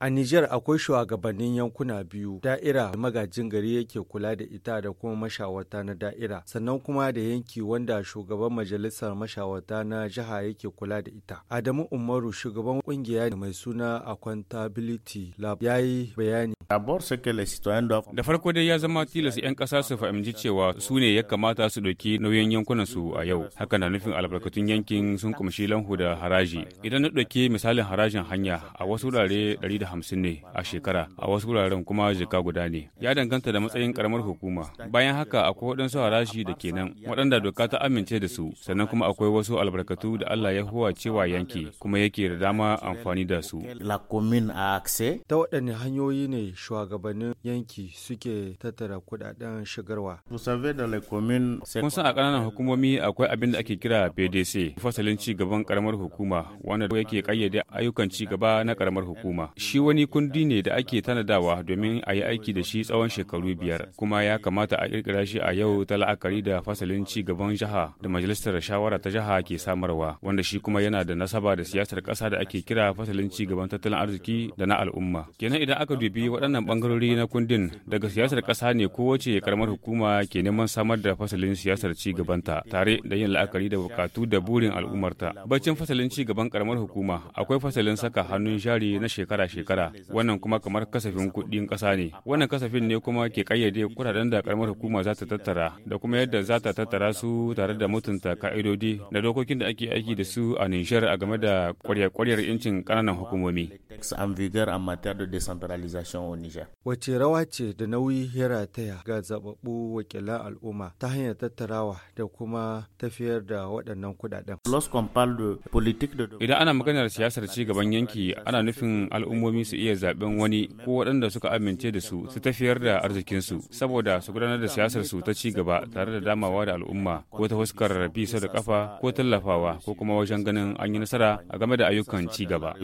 A Nijar akwai shugabannin yankuna biyu, da'ira da magajin gari yake kula da ita da kuma mashawarta na da'ira, sannan kuma da yanki wanda shugaban majalisar mashawarta na jiha yake kula da ita. Adamu Umaru shugaban kungiya mai suna Accountability Lab ya yi bayani Da farko dai ya zama tilas 'yan ƙasa su fahimci cewa su ne ya kamata su ɗauki nauyin yankunan su a yau. Haka na nufin albarkatun yankin sun kumshi lanhu da haraji. Idan na ɗauki misalin harajin hanya a wasu wurare hamsin ne a shekara a wasu wuraren kuma jika guda ne ya danganta da matsayin karamar hukuma bayan haka akwai waɗansu harashi da kenan waɗanda doka ta amince da su sannan kuma akwai wasu albarkatu da Allah ya huwa cewa yanki kuma yake da dama amfani da su ta waɗanne hanyoyi ne shugabannin yanki suke tattara kuɗaɗen shigarwa kun san a ƙananan hukumomi akwai abin da ake kira PDC fasalin ci gaban karamar hukuma wanda yake kayyade ayyukan ci gaba na karamar hukuma shi wani kundi ne da ake tanadawa domin a yi aiki da shi tsawon shekaru biyar kuma ya kamata a kirkira shi a yau ta la'akari da fasalin ci gaban jiha da majalisar shawara ta jiha ke samarwa wanda shi kuma yana da nasaba da siyasar ƙasa da ake kira fasalin ci gaban tattalin arziki da na al'umma kenan idan aka dubi waɗannan bangarori na kundin daga siyasar ƙasa ne kowace karamar hukuma ke neman samar da fasalin siyasar ci gabanta tare da yin la'akari da bukatu da burin al'ummarta baccin fasalin ci gaban karamar hukuma akwai fasalin saka hannun jari na shekara-shekara shekara wannan kuma kamar kasafin kuɗin ƙasa ne wannan kasafin ne kuma ke kayyade kuɗaɗen da karamar hukuma za ta tattara da kuma yadda za ta tattara su tare da mutunta ka'idodi da dokokin da ake aiki da su a Nijar a game da ƙwarya-ƙwaryar 'yancin ƙananan hukumomi. Wace rawa ce da nauyi ya ga zababbu wakilan al'umma ta hanyar tattarawa da kuma tafiyar da waɗannan kuɗaɗen? Idan ana maganar siyasar ci gaban yanki ana nufin al'ummomi hukumomi su iya zaben wani ko waɗanda suka amince da su su tafiyar da arzikinsu saboda su gudanar da siyasar su ta ci gaba tare da damawa da al'umma ko ta fuskar sau da kafa ko tallafawa ko kuma wajen ganin an yi nasara a game da ayyukan ci gaba.